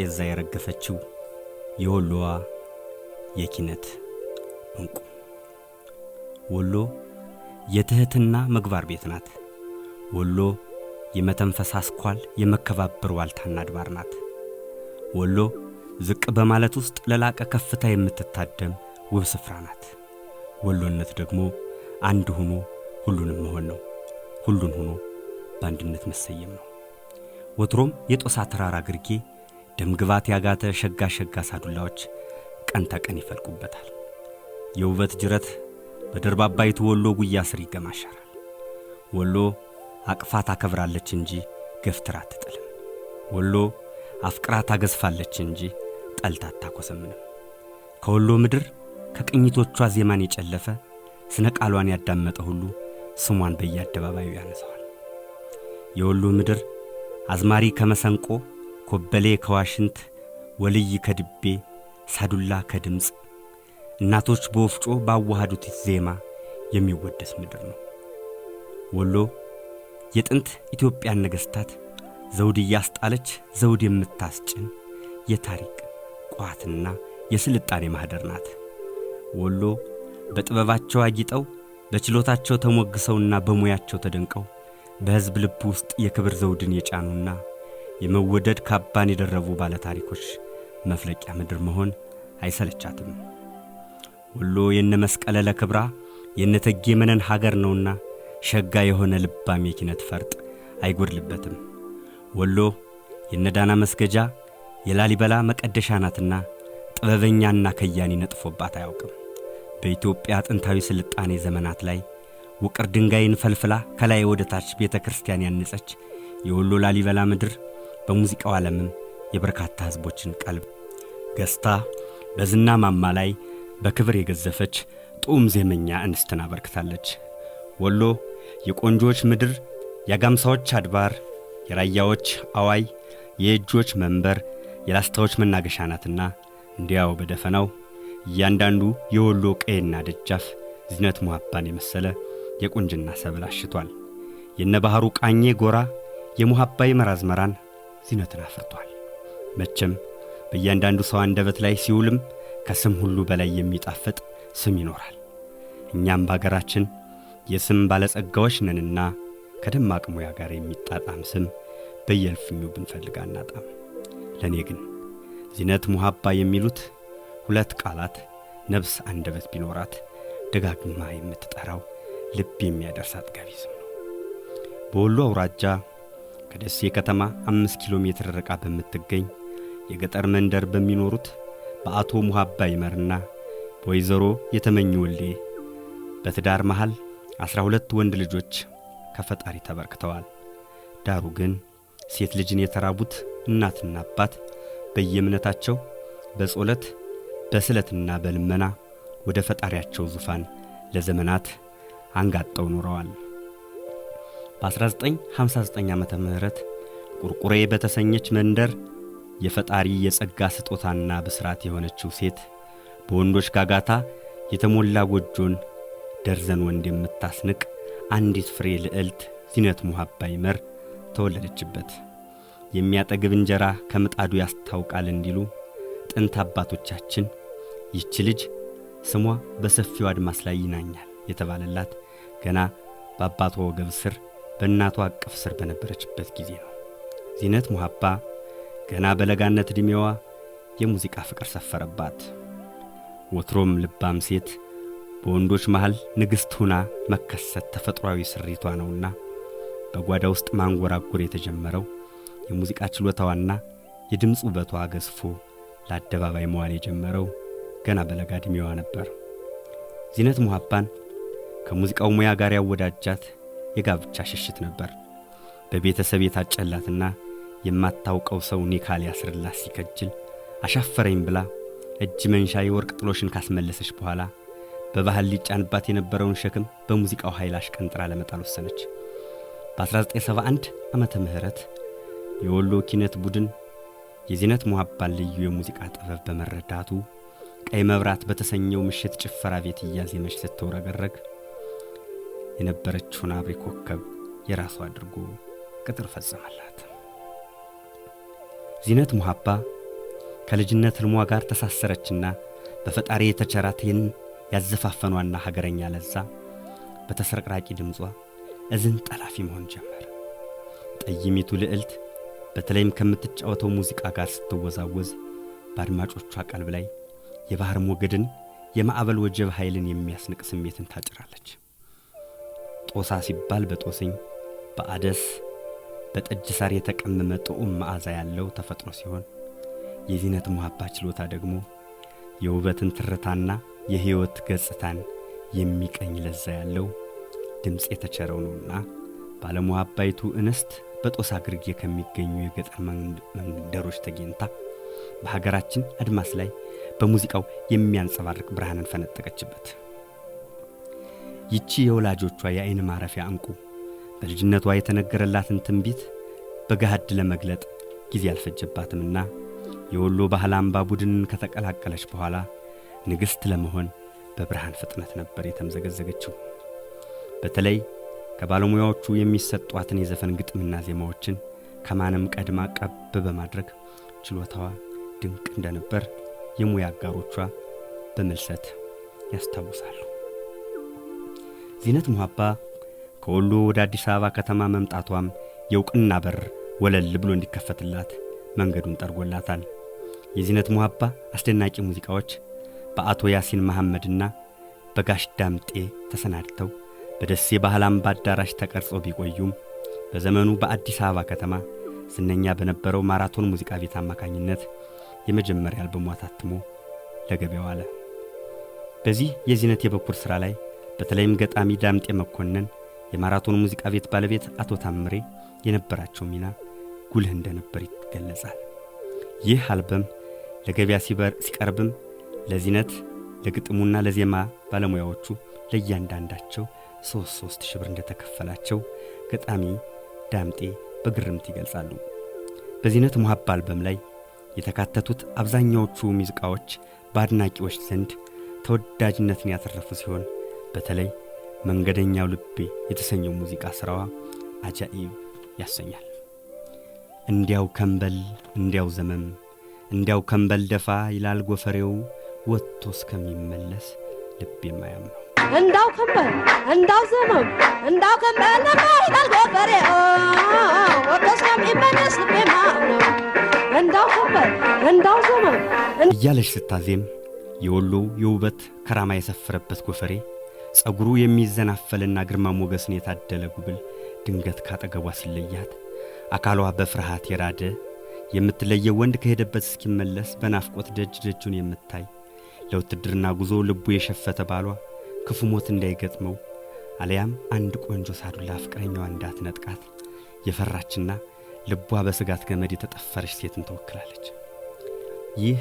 ጤዛ የረገፈችው የወሎዋ የኪነት እንቁ ወሎ የትህትና ምግባር ቤት ናት። ወሎ የመተንፈስ አስኳል የመከባበር ዋልታና አድባር ናት። ወሎ ዝቅ በማለት ውስጥ ለላቀ ከፍታ የምትታደም ውብ ስፍራ ናት። ወሎነት ደግሞ አንድ ሆኖ ሁሉንም መሆን ነው። ሁሉን ሆኖ በአንድነት መሰየም ነው። ወትሮም የጦሳ ተራራ ግርጌ ደምግባት ያጋተ ሸጋ ሸጋ ሳዱላዎች ቀን ተቀን ይፈልቁበታል። የውበት ጅረት በደርብ አባይት ወሎ ጉያ ስር ይገማሻራል። ወሎ አቅፋ ታከብራለች እንጂ ገፍትራ አትጥልም። ወሎ አፍቅራ ታገዝፋለች እንጂ ጠልታ አታኮሰምንም። ከወሎ ምድር ከቅኝቶቿ ዜማን የጨለፈ ስነ ቃሏን ያዳመጠ ሁሉ ስሟን በየአደባባዩ ያነሰዋል። የወሎ ምድር አዝማሪ ከመሰንቆ ኮበሌ ከዋሽንት ወልይ ከድቤ ሳዱላ ከድምፅ እናቶች በወፍጮ ባዋሃዱት ዜማ የሚወደስ ምድር ነው። ወሎ የጥንት ኢትዮጵያን ነገሥታት ዘውድ እያስጣለች ዘውድ የምታስጭን የታሪክ ቋትና የስልጣኔ ማኅደር ናት። ወሎ በጥበባቸው አጊጠው በችሎታቸው ተሞግሰውና በሙያቸው ተደንቀው በሕዝብ ልብ ውስጥ የክብር ዘውድን የጫኑና የመወደድ ካባን የደረቡ ባለታሪኮች መፍለቂያ ምድር መሆን አይሰለቻትም። ወሎ የነ ለክብራ ክብራ የነተጌ መነን ሀገር ነውና ሸጋ የሆነ ልባም የኪነት ፈርጥ አይጎድልበትም። ወሎ የነዳና መስገጃ የላሊበላ መቀደሻ ናትና ጥበበኛና ከያኒ ነጥፎባት አያውቅም። በኢትዮጵያ ጥንታዊ ስልጣኔ ዘመናት ላይ ውቅር ድንጋይን ፈልፍላ ከላይ ወደ ታች ቤተ ክርስቲያን ያነጸች የወሎ ላሊበላ ምድር በሙዚቃው ዓለምም የበርካታ ሕዝቦችን ቀልብ ገዝታ በዝና ማማ ላይ በክብር የገዘፈች ጡም ዜመኛ እንስትን አበርክታለች። ወሎ የቆንጆዎች ምድር፣ የአጋምሳዎች አድባር፣ የራያዎች አዋይ፣ የእጆች መንበር፣ የላስታዎች መናገሻ ናትና እንዲያው በደፈናው እያንዳንዱ የወሎ ቀይና ደጃፍ ዝነት ሙሀባን የመሰለ የቁንጅና ሰብል አሽቷል። የነ ባሕሩ ቃኜ ጎራ የሙሀባ ይመራዝመራን ዚነትን አፍርቷል። መቼም በእያንዳንዱ ሰው አንደበት ላይ ሲውልም ከስም ሁሉ በላይ የሚጣፍጥ ስም ይኖራል። እኛም በአገራችን የስም ባለጸጋዎች ነንና ከደማቅ ሙያ ጋር የሚጣጣም ስም በየልፍኙ ብንፈልግ አናጣም። ለእኔ ግን ዚነት ሙሃባ የሚሉት ሁለት ቃላት ነብስ አንደበት ቢኖራት ደጋግማ የምትጠራው ልብ የሚያደርስ አጥጋቢ ስም ነው። በወሎ አውራጃ ከደሴ ከተማ አምስት ኪሎ ሜትር ርቃ በምትገኝ የገጠር መንደር በሚኖሩት በአቶ ሙሃባ ይመርና በወይዘሮ የተመኝ ወልዴ በትዳር መሃል አስራ ሁለት ወንድ ልጆች ከፈጣሪ ተበርክተዋል። ዳሩ ግን ሴት ልጅን የተራቡት እናትና አባት በየእምነታቸው በጾለት በስለትና በልመና ወደ ፈጣሪያቸው ዙፋን ለዘመናት አንጋጠው ኖረዋል። በ1959 ዓ ም ቁርቁሬ በተሰኘች መንደር የፈጣሪ የጸጋ ስጦታና ብስራት የሆነችው ሴት በወንዶች ጋጋታ የተሞላ ጎጆን ደርዘን ወንድ የምታስንቅ አንዲት ፍሬ ልዕልት ዚነት ሙሀባ ይመር ተወለደችበት። የሚያጠግብ እንጀራ ከምጣዱ ያስታውቃል እንዲሉ ጥንት አባቶቻችን ይቺ ልጅ ስሟ በሰፊው አድማስ ላይ ይናኛል የተባለላት ገና በአባቷ ወገብ ስር በእናቷ አቅፍ ስር በነበረችበት ጊዜ ነው። ዚነት ሙሐባ ገና በለጋነት ዕድሜዋ የሙዚቃ ፍቅር ሰፈረባት። ወትሮም ልባም ሴት በወንዶች መሃል ንግሥት ሁና መከሰት ተፈጥሯዊ ስሪቷ ነውና በጓዳ ውስጥ ማንጎራጎር የተጀመረው የሙዚቃ ችሎታዋና የድምፅ ውበቷ ገዝፎ ለአደባባይ መዋል የጀመረው ገና በለጋ ዕድሜዋ ነበር። ዚነት ሙሐባን ከሙዚቃው ሙያ ጋር ያወዳጃት የጋብቻ ሽሽት ነበር። በቤተሰብ የታጨላትና የማታውቀው ሰው ኒካል ያስርላት ሲከጅል አሻፈረኝ ብላ እጅ መንሻ የወርቅ ጥሎሽን ካስመለሰች በኋላ በባህል ሊጫንባት የነበረውን ሸክም በሙዚቃው ኃይል አሽቀንጥራ ለመጣል ወሰነች። በ1971 ዓመተ ምህረት የወሎ ኪነት ቡድን የዚነት ሙሀባን ልዩ የሙዚቃ ጥበብ በመረዳቱ ቀይ መብራት በተሰኘው ምሽት ጭፈራ ቤት እያዜመች ስትውረገረግ የነበረችውን አብሪ ኮከብ የራሱ አድርጎ ቅጥር ፈጸመላት። ዚነት ሙሀባ ከልጅነት ሕልሟ ጋር ተሳሰረችና በፈጣሪ የተቸራትን ያዘፋፈኗና ሀገረኛ ለዛ በተስረቅራቂ ድምጿ እዝን ጠላፊ መሆን ጀመር። ጠይሚቱ ልዕልት በተለይም ከምትጫወተው ሙዚቃ ጋር ስትወዛወዝ በአድማጮቿ ቀልብ ላይ የባህር ሞገድን የማዕበል ወጀብ ኃይልን የሚያስንቅ ስሜትን ታጭራለች። ጦሳ ሲባል በጦስኝ በአደስ በጠጅ ሳር የተቀመመ ጥዑም መዓዛ ያለው ተፈጥሮ ሲሆን የዚነት ሙሃባ ችሎታ ደግሞ የውበትን ትርታና የሕይወት ገጽታን የሚቀኝ ለዛ ያለው ድምፅ የተቸረው ነውና ባለሙሃባይቱ እንስት በጦሳ ግርጌ ከሚገኙ የገጠር መንደሮች ተገኝታ በሀገራችን አድማስ ላይ በሙዚቃው የሚያንጸባርቅ ብርሃንን ፈነጠቀችበት። ይቺ የወላጆቿ የአይን ማረፊያ ዕንቁ በልጅነቷ የተነገረላትን ትንቢት በገሃድ ለመግለጥ ጊዜ አልፈጀባትምና የወሎ ባህል አምባ ቡድንን ከተቀላቀለች በኋላ ንግሥት ለመሆን በብርሃን ፍጥነት ነበር የተምዘገዘገችው። በተለይ ከባለሙያዎቹ የሚሰጧትን የዘፈን ግጥምና ዜማዎችን ከማንም ቀድማ ቀብ በማድረግ ችሎታዋ ድንቅ እንደነበር የሙያ አጋሮቿ በምልሰት ያስታውሳሉ። ዚነት ሙሃባ ከወሎ ወደ አዲስ አበባ ከተማ መምጣቷም የእውቅና በር ወለል ብሎ እንዲከፈትላት መንገዱን ጠርጎላታል። የዚነት ሙሀባ አስደናቂ ሙዚቃዎች በአቶ ያሲን መሐመድና በጋሽ ዳምጤ ተሰናድተው በደሴ ባህል አምባ አዳራሽ ተቀርጸው ቢቆዩም በዘመኑ በአዲስ አበባ ከተማ ዝነኛ በነበረው ማራቶን ሙዚቃ ቤት አማካኝነት የመጀመሪያ አልበሟ ታትሞ ለገበያው አለ። በዚህ የዚነት የበኩር ሥራ ላይ በተለይም ገጣሚ ዳምጤ መኮንን፣ የማራቶን ሙዚቃ ቤት ባለቤት አቶ ታምሬ የነበራቸው ሚና ጉልህ እንደነበር ይገለጻል። ይህ አልበም ለገበያ ሲቀርብም ለዚነት ለግጥሙና ለዜማ ባለሙያዎቹ ለእያንዳንዳቸው ሦስት ሦስት ሺህ ብር እንደተከፈላቸው ገጣሚ ዳምጤ በግርምት ይገልጻሉ። በዚነት ሙሀባ አልበም ላይ የተካተቱት አብዛኛዎቹ ሙዚቃዎች በአድናቂዎች ዘንድ ተወዳጅነትን ያተረፉ ሲሆን በተለይ መንገደኛው ልቤ የተሰኘው ሙዚቃ ሥራዋ አጃኢብ ያሰኛል። እንዲያው ከንበል እንዲያው ዘመም እንዲያው ከንበል ደፋ ይላል ጎፈሬው ወጥቶ እስከሚመለስ ልብ የማያም ነው። እንዳው ከንበል እንዳው ዘመም እንዳው ከንበል ደፋ ይላል ጎፈሬው ወጥቶ እስከሚመለስ ልብ የማያም ነው። እንዳው ከንበል እንዳው ዘመም እያለች ስታዜም የወሎ የውበት ከራማ የሰፈረበት ጎፈሬ ጸጉሩ የሚዘናፈልና ግርማ ሞገስን የታደለ ጉብል ድንገት ካጠገቧ ሲለያት አካሏ በፍርሃት የራደ የምትለየው ወንድ ከሄደበት እስኪመለስ በናፍቆት ደጅ ደጁን የምታይ ለውትድርና ጉዞ ልቡ የሸፈተ ባሏ ክፉ ሞት እንዳይገጥመው አሊያም አንድ ቆንጆ ሳዱላ ፍቅረኛዋ እንዳትነጥቃት የፈራችና ልቧ በስጋት ገመድ የተጠፈረች ሴትን ትወክላለች። ይህ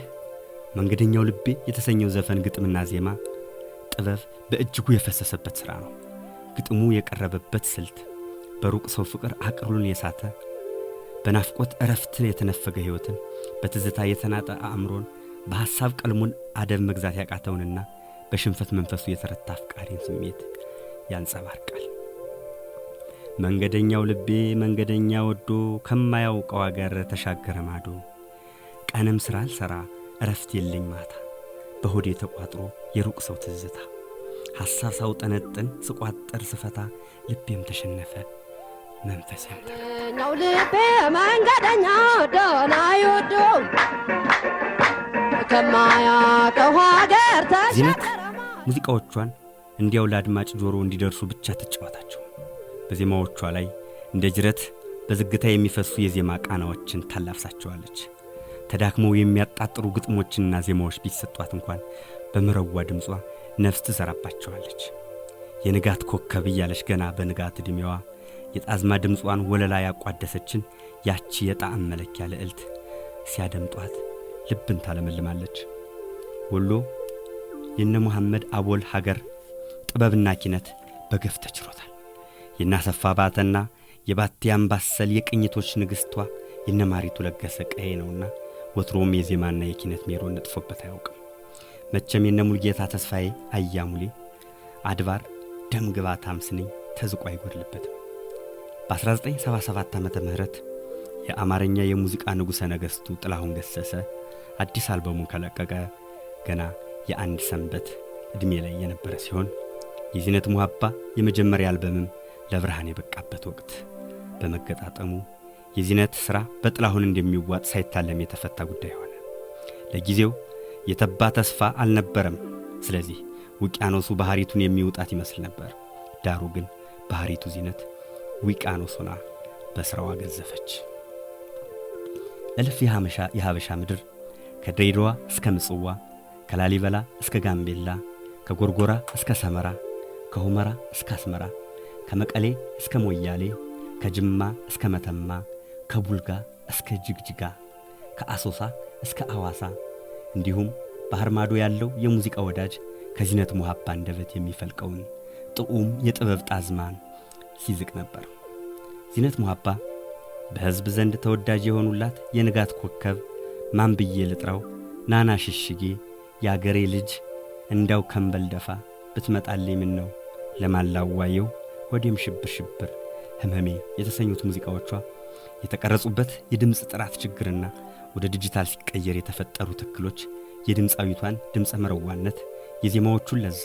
መንገደኛው ልቤ የተሰኘው ዘፈን ግጥምና ዜማ ጥበብ በእጅጉ የፈሰሰበት ሥራ ነው። ግጥሙ የቀረበበት ስልት በሩቅ ሰው ፍቅር አቅሉን የሳተ በናፍቆት እረፍትን የተነፈገ ሕይወትን በትዝታ የተናጠ አእምሮን በሐሳብ ቀልሙን አደብ መግዛት ያቃተውንና በሽንፈት መንፈሱ የተረታ አፍቃሪን ስሜት ያንጸባርቃል። መንገደኛው ልቤ መንገደኛ ወዶ ከማያውቀው አገር ተሻገረ ማዶ ቀንም ሥራ አልሠራ እረፍት የለኝ ማታ በሆዴ ተቋጥሮ የሩቅ ሰው ትዝታ ሐሳብ ሳውጠነጥን ስቋጠር ስፈታ ልቤም ተሸነፈ መንፈሴም ነው ልቤ መንገደኛ ወደሆና ይወዱ ከማያውቀው ሀገር ሙዚቃዎቿን እንዲያው ለአድማጭ ጆሮ እንዲደርሱ ብቻ ትጫወታቸው። በዜማዎቿ ላይ እንደ ጅረት በዝግታ የሚፈሱ የዜማ ቃናዎችን ታላፍሳቸዋለች። ተዳክመው የሚያጣጥሩ ግጥሞችና ዜማዎች ቢሰጧት እንኳን በምረዋ ድምጿ ነፍስ ትዘራባቸዋለች። የንጋት ኮከብ እያለች ገና በንጋት ዕድሜዋ የጣዝማ ድምጿን ወለላ ያቋደሰችን ያቺ የጣዕም መለኪያ ልዕልት ሲያደምጧት ልብን ታለመልማለች። ወሎ የነ መሐመድ አቦል ሀገር ጥበብና ኪነት በገፍ ተችሮታል። የናሰፋ ባተና የባቴ አምባሰል የቅኝቶች ንግሥቷ የነማሪቱ ለገሰ ቀዬ ነውና ወትሮም የዜማና የኪነት ሜሮን ነጥፎበት አያውቅም። መቸም የነ ሙልጌታ ተስፋዬ አያሙሌ አድባር ደም ግባት አምስንኝ ተዝቆ አይጎድልበትም። በ1977 ዓ ም የአማርኛ የሙዚቃ ንጉሠ ነገሥቱ ጥላሁን ገሰሰ አዲስ አልበሙን ከለቀቀ ገና የአንድ ሰንበት ዕድሜ ላይ የነበረ ሲሆን የዚነት ሙሀባ የመጀመሪያ አልበምም ለብርሃን የበቃበት ወቅት በመገጣጠሙ የዚነት ሥራ በጥላሁን እንደሚዋጥ ሳይታለም የተፈታ ጉዳይ ሆነ። ለጊዜው የተባ ተስፋ አልነበረም። ስለዚህ ውቅያኖሱ ባህሪቱን የሚውጣት ይመስል ነበር። ዳሩ ግን ባሕሪቱ ዚነት ውቅያኖስ ሆና በሥራዋ ገዘፈች። እልፍ የሀበሻ ምድር ከድሬዳዋ እስከ ምጽዋ፣ ከላሊበላ እስከ ጋምቤላ፣ ከጎርጎራ እስከ ሰመራ፣ ከሁመራ እስከ አስመራ፣ ከመቀሌ እስከ ሞያሌ፣ ከጅማ እስከ መተማ፣ ከቡልጋ እስከ ጅግጅጋ፣ ከአሶሳ እስከ አዋሳ እንዲሁም ባህር ማዶ ያለው የሙዚቃ ወዳጅ ከዚነት ሙሀባ እንደበት የሚፈልቀውን ጥዑም የጥበብ ጣዝማን ሲዝቅ ነበር። ዚነት ሙሀባ በሕዝብ ዘንድ ተወዳጅ የሆኑላት የንጋት ኮከብ፣ ማንብዬ ልጥረው ልጥራው፣ ናና ሽሽጌ፣ የአገሬ ልጅ፣ እንዳው ከንበል ደፋ፣ ብትመጣልኝ ምን ነው፣ ለማላዋየው፣ ወዲም ሽብር ሽብር፣ ህመሜ የተሰኙት ሙዚቃዎቿ የተቀረጹበት የድምፅ ጥራት ችግርና ወደ ዲጂታል ሲቀየር የተፈጠሩ ትክሎች የድምፃዊቷን ድምፀ መረዋነት፣ የዜማዎቹን ለዛ፣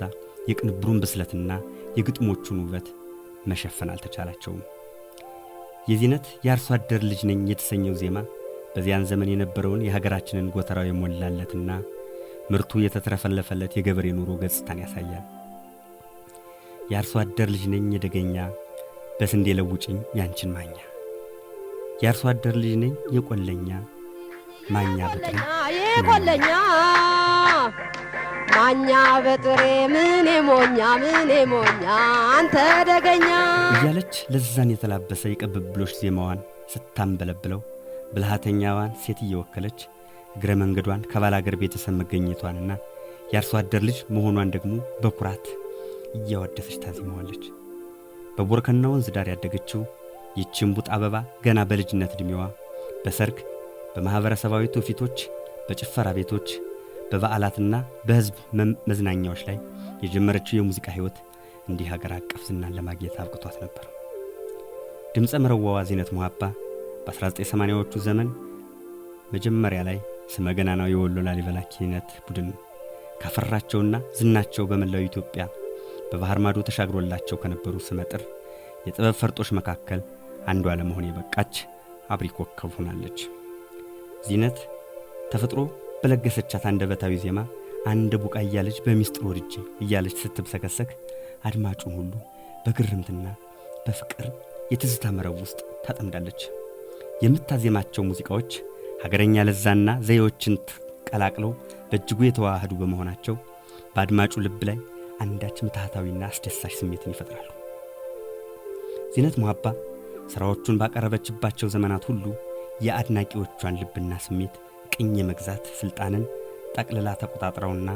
የቅንብሩን ብስለትና የግጥሞቹን ውበት መሸፈን አልተቻላቸውም። የዚህነት የአርሶ አደር ልጅ ነኝ የተሰኘው ዜማ በዚያን ዘመን የነበረውን የሀገራችንን ጎተራው የሞላለትና ምርቱ የተትረፈለፈለት የገበሬ ኑሮ ገጽታን ያሳያል። የአርሶ አደር ልጅ ነኝ የደገኛ በስንዴ ለውጭኝ ያንችን ማኛ የአርሶ አደር ልጅ ነኝ የቆለኛ ማኛ በጥሬ ይቆለኛ ማኛ በጥሬ ምን ሞኛ ምን ሞኛ አንተ ደገኛ እያለች ለዛን የተላበሰ የቅብብሎች ዜማዋን ስታንበለብለው ብልሃተኛዋን ሴት እየወከለች እግረ መንገዷን ከባላገር ቤተሰብ መገኘቷንና የአርሶ አደር ልጅ መሆኗን ደግሞ በኩራት እያወደሰች ታዜመዋለች። በቦርከና ወንዝ ዳር ያደገችው ይቺ እምቡጥ አበባ ገና በልጅነት ዕድሜዋ በሰርግ በማኅበረሰባዊ ትውፊቶች፣ በጭፈራ ቤቶች፣ በበዓላትና በሕዝብ መዝናኛዎች ላይ የጀመረችው የሙዚቃ ሕይወት እንዲህ ሀገር አቀፍ ዝናን ለማግኘት አብቅቷት ነበር። ድምፀ መረዋዋ ዚነት ሙሀባ በ1980ዎቹ ዘመን መጀመሪያ ላይ ስመገናናው የወሎ ላሊበላ ኪነት ቡድን ካፈራቸውና ዝናቸው በመላው ኢትዮጵያ በባህር ማዶ ተሻግሮላቸው ከነበሩ ስመጥር የጥበብ ፈርጦች መካከል አንዷ ለመሆን የበቃች አብሪ ኮከብ ሆናለች። ዚነት ተፈጥሮ በለገሰቻት አንደበታዊ ዜማ አንድ ቡቃያ ልጅ በሚስጥር ወድጄ እያለች ስትብሰከሰክ አድማጩን ሁሉ በግርምትና በፍቅር የትዝታ መረብ ውስጥ ታጠምዳለች። የምታዜማቸው ሙዚቃዎች ሀገረኛ ለዛና ዘዬዎችን ቀላቅለው በእጅጉ የተዋህዱ በመሆናቸው በአድማጩ ልብ ላይ አንዳች ምትሃታዊና አስደሳች ስሜትን ይፈጥራሉ። ዚነት ሞሀባ ሥራዎቹን ባቀረበችባቸው ዘመናት ሁሉ የአድናቂዎቿን ልብና ስሜት ቅኝ የመግዛት ሥልጣንን ጠቅልላ ተቆጣጥረውና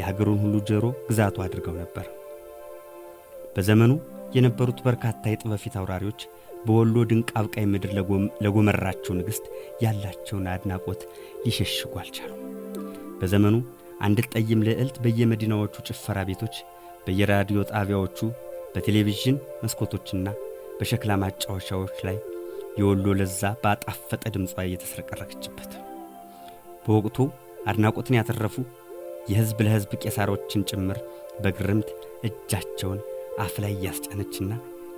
የሀገሩን ሁሉ ጆሮ ግዛቱ አድርገው ነበር። በዘመኑ የነበሩት በርካታ የጥበብ ፊት አውራሪዎች በወሎ ድንቅ አብቃይ ምድር ለጎመራቸው ንግሥት ያላቸውን አድናቆት ሊሸሽጉ አልቻሉም። በዘመኑ አንዲት ጠይም ልዕልት በየመዲናዎቹ ጭፈራ ቤቶች፣ በየራዲዮ ጣቢያዎቹ፣ በቴሌቪዥን መስኮቶችና በሸክላ ማጫወቻዎች ላይ የወሎ ለዛ ባጣፈጠ ድምጿ እየተስረቀረከችበት በወቅቱ አድናቆትን ያተረፉ የህዝብ ለህዝብ ቄሳሮችን ጭምር በግርምት እጃቸውን አፍ ላይ እያስጫነችና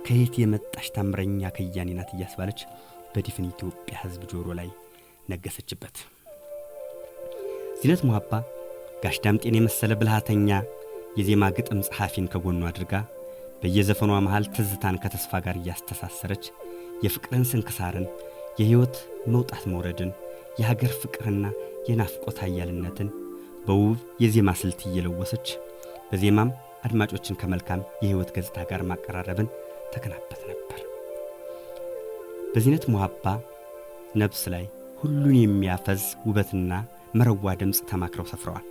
ከየት የመጣሽ ታምረኛ ከያኔ ናት እያስባለች በዲፍን ኢትዮጵያ ህዝብ ጆሮ ላይ ነገሰችበት። ዚነት ሙሀባ ጋሽ ዳምጤን የመሰለ ብልሃተኛ የዜማ ግጥም ጸሐፊን ከጎኗ አድርጋ በየዘፈኗ መሃል ትዝታን ከተስፋ ጋር እያስተሳሰረች የፍቅርን ስንክሳርን፣ የሕይወት መውጣት መውረድን፣ የሀገር ፍቅርና የናፍቆት ኃያልነትን በውብ የዜማ ስልት እየለወሰች በዜማም አድማጮችን ከመልካም የሕይወት ገጽታ ጋር ማቀራረብን ተከናበት ነበር። በዚነት ሙሀባ ነብስ ላይ ሁሉን የሚያፈዝ ውበትና መረዋ ድምፅ ተማክረው ሰፍረዋል።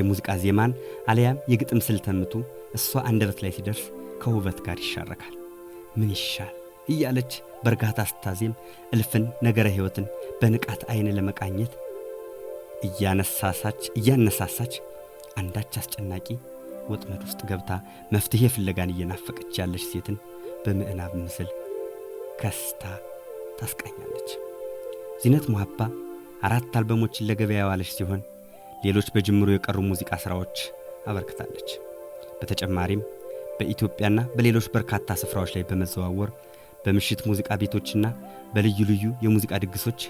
የሙዚቃ ዜማን አሊያም የግጥም ስልተምቱ እሷ አንደበት ላይ ሲደርስ ከውበት ጋር ይሻረካል። ምን ይሻል እያለች በእርጋታ ስታዜም እልፍን ነገረ ሕይወትን በንቃት ዐይን ለመቃኘት እያነሳሳች እያነሳሳች አንዳች አስጨናቂ ወጥመድ ውስጥ ገብታ መፍትሔ ፍለጋን እየናፈቀች ያለች ሴትን በምዕናብ ምስል ከስታ ታስቃኛለች። ዚነት ሙሀባ አራት አልበሞችን ለገበያ ያዋለች ሲሆን ሌሎች በጅምሩ የቀሩ ሙዚቃ ሥራዎች አበርክታለች። በተጨማሪም በኢትዮጵያና በሌሎች በርካታ ስፍራዎች ላይ በመዘዋወር በምሽት ሙዚቃ ቤቶችና በልዩ ልዩ የሙዚቃ ድግሶች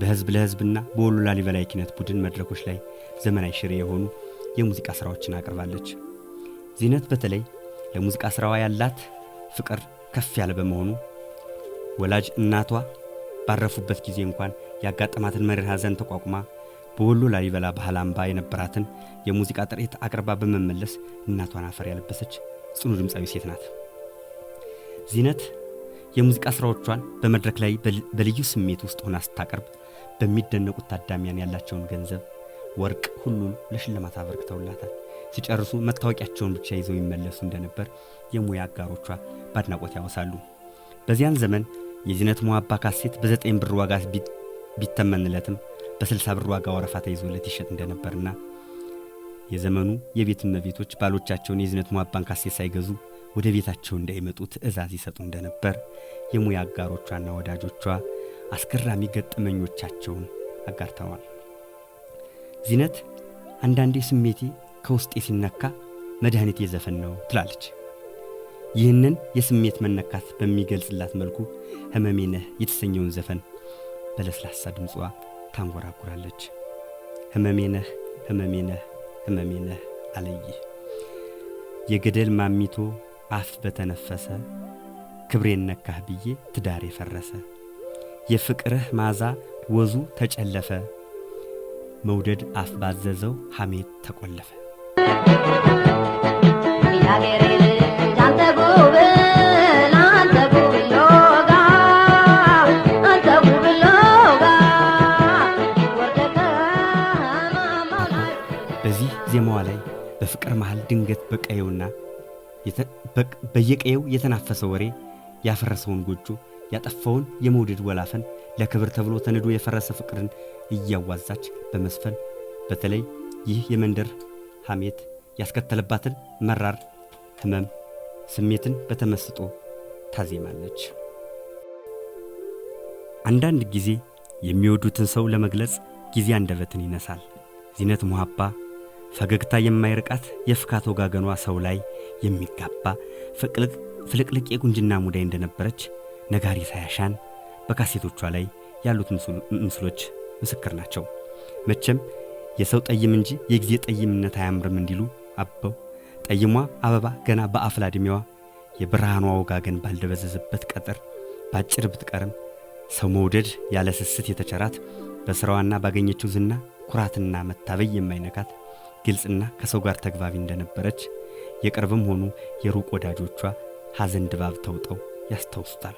በህዝብ ለህዝብና በወሎ ላሊበላ የኪነት ቡድን መድረኮች ላይ ዘመናዊ ሽሬ የሆኑ የሙዚቃ ሥራዎችን አቅርባለች። ዚነት በተለይ ለሙዚቃ ሥራዋ ያላት ፍቅር ከፍ ያለ በመሆኑ ወላጅ እናቷ ባረፉበት ጊዜ እንኳን ያጋጠማትን መሪር ሐዘን ተቋቁማ በወሎ ላሊበላ ባህል አምባ የነበራትን የሙዚቃ ጥሪት አቅርባ በመመለስ እናቷን አፈር ያለበሰች ጽኑ ድምፃዊ ሴት ናት ዚነት የሙዚቃ ስራዎቿን በመድረክ ላይ በልዩ ስሜት ውስጥ ሆና ስታቀርብ በሚደነቁት ታዳሚያን ያላቸውን ገንዘብ፣ ወርቅ ሁሉም ለሽልማት አበርክተውላታል። ሲጨርሱ መታወቂያቸውን ብቻ ይዘው ይመለሱ እንደነበር የሙያ አጋሮቿ በአድናቆት ያወሳሉ። በዚያን ዘመን የዚነት ሞአባ ካሴት በዘጠኝ ብር ዋጋ ቢተመንለትም በስልሳ ብር ዋጋ ወረፋ ተይዞለት ይሸጥ እንደነበርና የዘመኑ የቤት እመቤቶች ባሎቻቸውን የዚነት ሞአባን ካሴት ሳይገዙ ወደ ቤታቸው እንዳይመጡ ትእዛዝ ይሰጡ እንደነበር የሙያ አጋሮቿና ወዳጆቿ አስገራሚ ገጠመኞቻቸውን አጋርተዋል። ዚነት አንዳንዴ ስሜቴ ከውስጤ ሲነካ መድኃኒት የዘፈን ነው ትላለች። ይህንን የስሜት መነካት በሚገልጽላት መልኩ ሕመሜ ነህ የተሰኘውን ዘፈን በለስላሳ ድምጿ ታንጎራጉራለች። ሕመሜ ነህ ሕመሜ ነህ ሕመሜ ነህ አለይህ የገደል ማሚቶ አፍ በተነፈሰ ክብሬን ነካህ ብዬ ትዳር የፈረሰ የፍቅርህ ማዛ ወዙ ተጨለፈ መውደድ አፍ ባዘዘው ሐሜት ተቆለፈ። በዚህ ዜማዋ ላይ በፍቅር መሃል ድንገት በቀየውና በየቀየው የተናፈሰ ወሬ ያፈረሰውን ጎጆ ያጠፋውን የመውደድ ወላፈን ለክብር ተብሎ ተንዶ የፈረሰ ፍቅርን እያዋዛች በመስፈን በተለይ ይህ የመንደር ሐሜት ያስከተለባትን መራር ህመም ስሜትን በተመስጦ ታዜማለች። አንዳንድ ጊዜ የሚወዱትን ሰው ለመግለጽ ጊዜ አንደበትን ይነሳል። ዚነት ሙሃባ ፈገግታ የማይርቃት የፍካት ወጋገኗ ሰው ላይ የሚጋባ ፍልቅልቅ የቁንጅና ሙዳይ እንደነበረች ነጋሪ ሳያሻን በካሴቶቿ ላይ ያሉት ምስሎች ምስክር ናቸው። መቼም የሰው ጠይም እንጂ የጊዜ ጠይምነት አያምርም እንዲሉ አበው ጠይሟ አበባ ገና በአፍላ ዕድሜዋ የብርሃኗ ወጋገን ባልደበዘዘበት ቀጥር ባጭር ብትቀርም ሰው መውደድ ያለ ስስት የተቸራት በሥራዋና ባገኘችው ዝና ኩራትና መታበይ የማይነካት ግልጽና ከሰው ጋር ተግባቢ እንደነበረች የቅርብም ሆኑ የሩቅ ወዳጆቿ ሐዘን ድባብ ተውጠው ያስታውሱታል።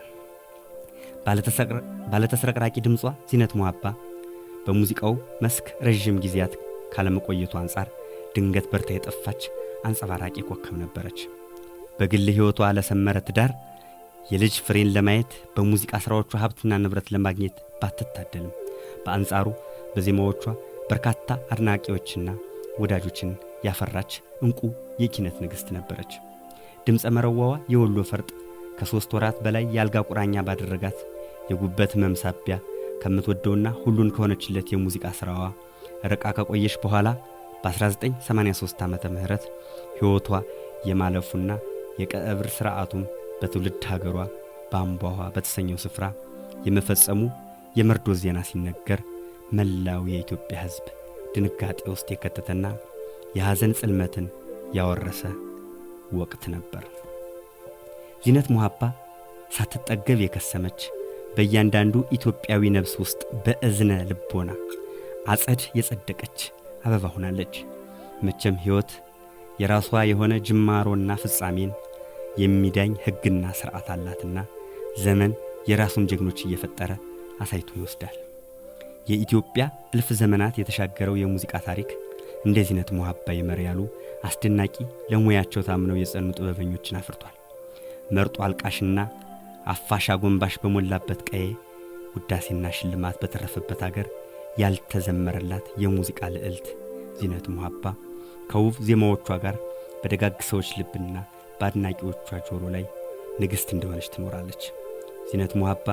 ባለተስረቅራቂ ድምጿ ዚነት ሞሀባ በሙዚቃው መስክ ረዥም ጊዜያት ካለመቆየቱ አንጻር ድንገት በርታ የጠፋች አንጸባራቂ ኮከብ ነበረች። በግል ሕይወቷ ለሰመረ ትዳር የልጅ ፍሬን ለማየት በሙዚቃ ሥራዎቿ ሀብትና ንብረት ለማግኘት ባትታደልም፣ በአንጻሩ በዜማዎቿ በርካታ አድናቂዎችና ወዳጆችን ያፈራች እንቁ የኪነት ንግሥት ነበረች። ድምፀ መረዋዋ የወሎ ፈርጥ ከሦስት ወራት በላይ የአልጋ ቁራኛ ባደረጋት የጉበት ህመም ሳቢያ ከምትወደውና ሁሉን ከሆነችለት የሙዚቃ ሥራዋ ርቃ ከቆየች በኋላ በ1983 ዓመተ ምህረት ሕይወቷ የማለፉና የቀብር ሥርዓቱም በትውልድ ሀገሯ በአምቧኋ በተሰኘው ስፍራ የመፈጸሙ የመርዶ ዜና ሲነገር መላው የኢትዮጵያ ሕዝብ ድንጋጤ ውስጥ የከተተና የሐዘን ጽልመትን ያወረሰ ወቅት ነበር። ዚነት ሙሐባ ሳትጠገብ የከሰመች በእያንዳንዱ ኢትዮጵያዊ ነፍስ ውስጥ በእዝነ ልቦና አጸድ የጸደቀች አበባ ሆናለች። መቼም ሕይወት የራሷ የሆነ ጅማሮና ፍጻሜን የሚዳኝ ሕግና ሥርዓት አላትና ዘመን የራሱን ጀግኖች እየፈጠረ አሳይቶ ይወስዳል። የኢትዮጵያ እልፍ ዘመናት የተሻገረው የሙዚቃ ታሪክ እንደዚህ ነት መሀባ ይመር ያሉ አስደናቂ ለሙያቸው ታምነው የጸኑ ጥበበኞችን አፍርቷል። መርጦ አልቃሽና አፋሽ አጎንባሽ በሞላበት ቀዬ ውዳሴና ሽልማት በተረፈበት አገር ያልተዘመረላት የሙዚቃ ልዕልት ዚነት መሀባ ከውብ ዜማዎቿ ጋር በደጋግ ሰዎች ልብና በአድናቂዎቿ ጆሮ ላይ ንግሥት እንደሆነች ትኖራለች። ዚነት መሀባ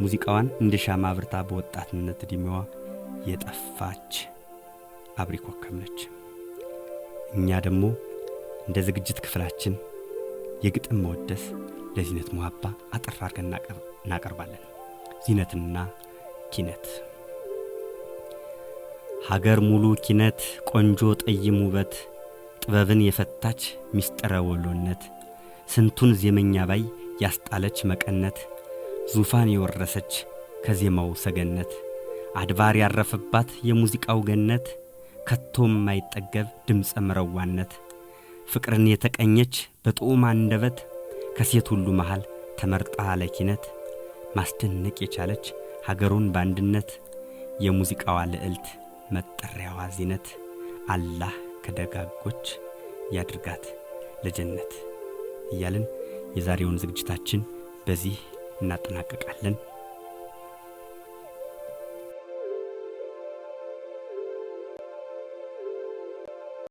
ሙዚቃዋን እንደ ሻማ አብርታ በወጣትነት ዕድሜዋ የጠፋች አብሪ ኮከብ ነች። እኛ ደግሞ እንደ ዝግጅት ክፍላችን የግጥም መወደስ ለዚነት መዋባ አጠር አድርገን እናቀርባለን። ዚነትና ኪነት ሀገር ሙሉ ኪነት ቆንጆ ጠይም ውበት ጥበብን የፈታች ሚስጥረ ወሎነት ስንቱን ዜመኛ ባይ ያስጣለች መቀነት ዙፋን የወረሰች ከዜማው ሰገነት አድባር ያረፈባት የሙዚቃው ገነት ከቶም ማይጠገብ ድምፀ መረዋነት ፍቅርን የተቀኘች በጥዑም አንደበት ከሴት ሁሉ መሃል ተመርጣ ለኪነት ማስደነቅ የቻለች ሀገሩን በአንድነት የሙዚቃዋ ልዕልት መጠሪያዋ ዜነት አላህ ከደጋጎች ያድርጋት ለጀነት እያልን የዛሬውን ዝግጅታችን በዚህ እናጠናቀቃለን።